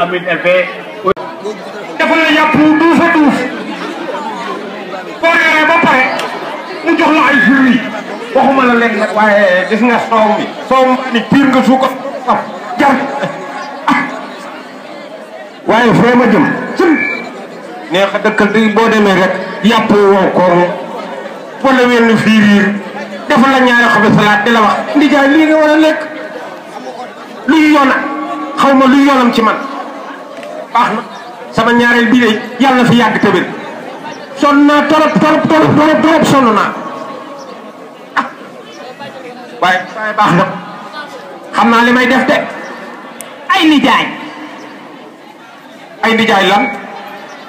amit effet. defal la yàpp duuf a duuf. boo yoree ba pare mu jox la ay fruits. waxuma la leen waaye gis nga soow mi. soow mi piir nga suukar am waaye foo ma jëm sën. neex a dëkkal di boo demee rek yàpp woo koor wala wenn fiiriir defal la ñaari xobi salaat di la wax. ndi lii nga war a lekk luy yoona xaw ma luy yoonam ci man. baax sama nyari bii de yàlla fi yag tëbër sonna torop torop torop torop torop sonna bay ah. bay waaye waaye baax na xam naa def de ay nijaay ay nijaay lan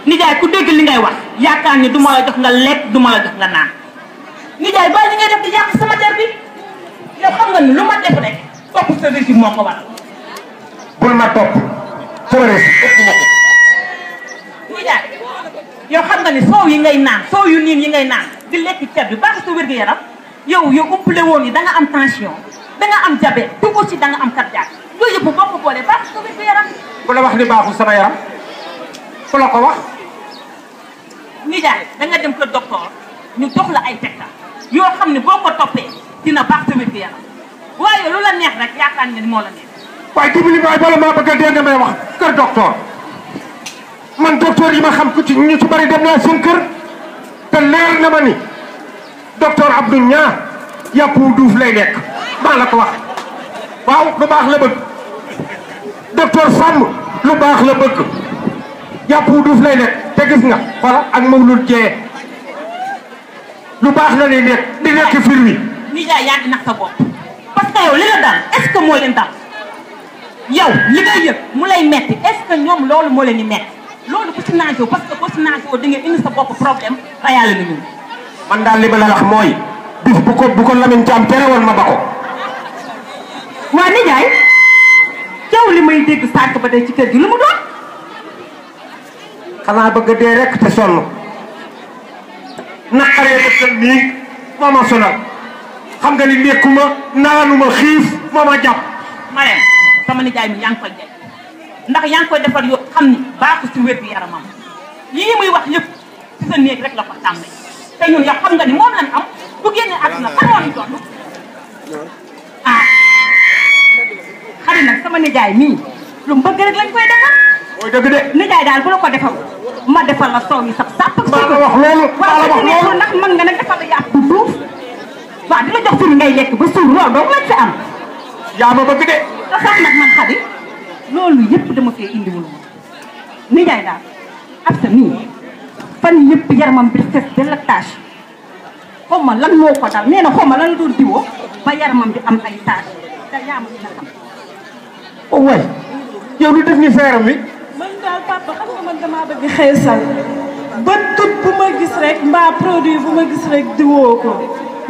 nijaay ku deg li ngay wax yaakaar ni duma la jox nga lek duma la jox nga naan nijaay bàyyi li ngay def di yàq sama jar bi yow xam nga luma def rek top sa régime war bul ma top yi ngay naan soow yu niin yi ngay naan di lekk ceeb yu baax sa wér-gu-yaram yow yow umpale woon yi da am tension da am diabète te aussi da nga am cardiaque yooyu yëpp boo ko boolee baax sa wér-gu-yaram ku wax ni baaxul sama yaram ku ko wax nijaay da nga dem kër docteur ñu jox la ay tegtal yoo xam ne boo ko toppee dina baax sa wér-gu-yaram waaye lu la neex rek yaakaar nga ni moo la neex waaye dimbali baay bala maa bëgg a nga may wax kër docteur man docteur yi ma xam ku ci ñu ci bari dem naa seen kër te leer na ma ni docteur Abdou nya yàpp wu duuf lay nek ba la ko wax waaw lu bax la bëgg docteur Samb lu bax la bëgg yàpp wu duuf lay nek te gis nga xoola ak mawlud Jee lu bax la lay nek di nek fir wi nijaay yaa di nak sa bop parce que yow li la dal est-ce que mo leen dal yow li ngay yëg mu lay metti est-ce que ñom lolu mo leen ni metti loolu bu si naajoo parce que boo si naajoo di nga indi sa bopp problème rayaale la ñu. man daal li ma la wax mooy. bis bu ko bu ko Lamine Thiam tere woon ma ba ko. waa nijaay yow li may dégg sànq ba day ci kër gi lu mu doon. xanaa bëgg dee rek te sonn. naqaree ko sën nii moo ma sonal. xam nga ni nekkuma naanuma xiif moo a jàpp. ma sama nijaay mi yaa ngi koy ndax yaa ngi koy defar yoo xam ni baaxu ci wér yaramam lii muy wax yëpp ci sa néeg la ko tàmbali te ñun yow xam nga ni moom lañ am bu génne àdduna fan moo ñu toll ah xarit nag sama nijaay mii lu mu bëgg rek koy defal mooy dëgg de nijaay daal bu la ko defal ma defal la soow yi sax sàpp nga suur loolu doo lañ fi yaa ma bëgg de te sax loolu yépp dama fee indiwul woon nijaay daal ab nii fan yëpp yaramam bi fees dell ak tâche xaw ma lan moo ko daal nee na lan doon diwoo ba yaramam bi am ay tâche te yaa oh, yow lu def ni sa yaram man daal papa xam nga man damaa bëgg xeesal ba tut bu ma gis rek mbaa produit bu ma gis rek diwoo ko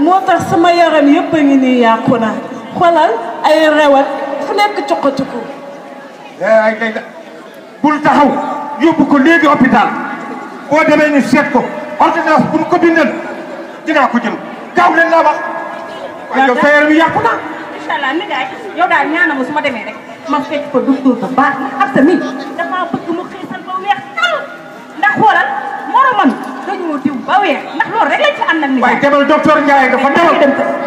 moo tax sama yaram yëpp a ngi nii yàqu na xoolal ay rewat fu nekk cuqatuku. bul taxaw yóbbu ko léegi hôpital boo demee ñu seet ko ordonnance bu ñu ko bindal dinaa ko jël gaaw leen laa wax. waaw yow sa yaram yàqu na. incha allah mi daay yow daal ñaanal ma su ma demee rek ma fekk ko docteur bu baax ab sa mi damaa bëgg mu xiisal ba weex tal ndax xoolal moromam dañoo diw ba weex ndax loolu rek lañ ci am nag. waaye demal docteur Ndiaye dafa demal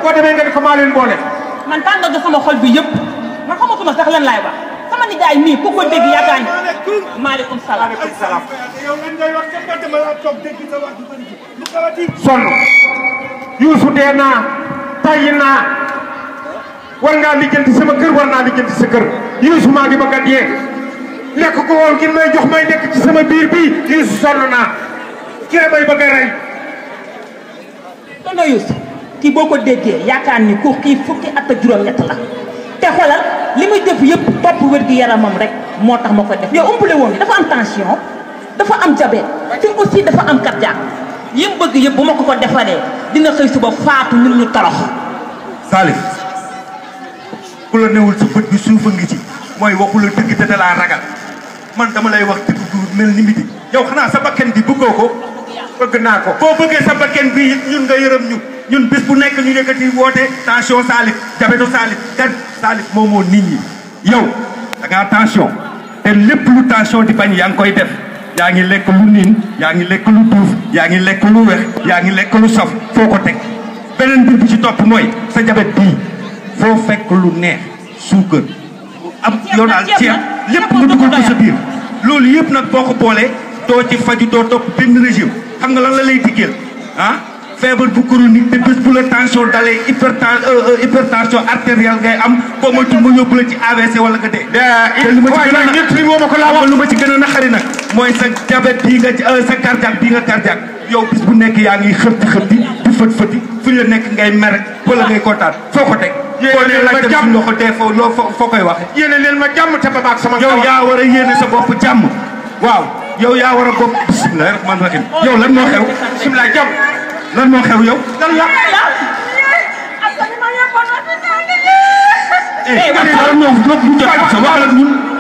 boo demee nga ne ko maa leen boole. man tànn nga sama xol bi yëpp man xamatuma sax lan laay wax. sama ni jaay mi ku ko dégg yaakaar ni maaleykum salaam maaleykum salaam sonn yuusu dee naa tàyyi naa war ngaa lijjanti sama kër war naa lijjanti sa kër yuusu maa di bëgg a dee ko woon kin may jox may nekk ci sama bi may bëgg ko fukki at ak ñett la li muy def yëpp topp wér-gu-yaramam rek moo tax ma ko def yow umpale woon dafa am tension dafa am diabète te aussi dafa am cardiaque yi mu bëgg yëpp bu ma ko ko defaree dina xëy suba faatu ñun ñu torox Salif ku la newul sa bët bi suufa ngi ci mooy waxu la dëgg da laa ragal man dama lay wax dëgg bu mel ni yow xanaa sa bakken bi bëggoo ko bëgg naa ko koo bëggee sa bakken bi ñun nga yërëm ñu ñun bis bu nekk ñu yëkkati woote tension saalit jabetu saalit gan saalit moom moo nit ñi yow da ngaa te lépp lu tension di bañ yaa ngi koy def yaa ngi lekk lu niin yaa ngi lekk lu duuf yaa ngi lekk lu wex yaa ngi lekk lu saf foo ko teg beneen bi bi ci topp mooy sa jabet bii foo fekk lu neex suukar am yow daal ceeb lépp nga dugal sa biir loolu yëpp nag boo ko boolee doo ci faju doo topp benn régime xam nga lan la lay diggéel ah feebar bu chronique te bés bu la tension dalee hypertension euh, euh, hypertension artérielle ngay am boo moytu mu yóbbu la ci AVC wala nga dee. a a mooy sa diabète bii nga euh, sa cardiaque bii nga cardiaque yow bis bu nekk yaa ngi xëfti xëfti di fët fëti fu la nekk ngay mer wala ngay kontaan foo ko teg. yéene leen ma jàmm boo nee laajte foo foo koy waxee. leen ma jàmm te ba sama. yow yaa war a yow yaa war a bopp bisimilah rahmaani rahiim yow lan moo xew bisimilah jàmm. lan moo xew yow. lan la. eh lan moo